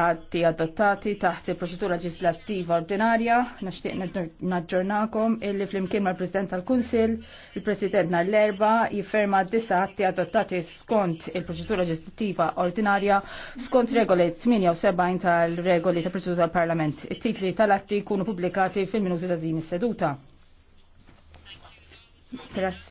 għaddi adottati taħt il-proċedura ġislattiva ordinarja, nashtiq naġġornakom illi fl-imkien mal-President tal-Kunsil, il-President nar l-erba jifferma disa atti adottati skont il-proċedura ġislattiva ordinarja skont regoli 78 tal-regoli tal proċedura tal-Parlament. Il-titli tal-atti kunu pubblikati fil-minuti ta' din is-seduta. Grazie.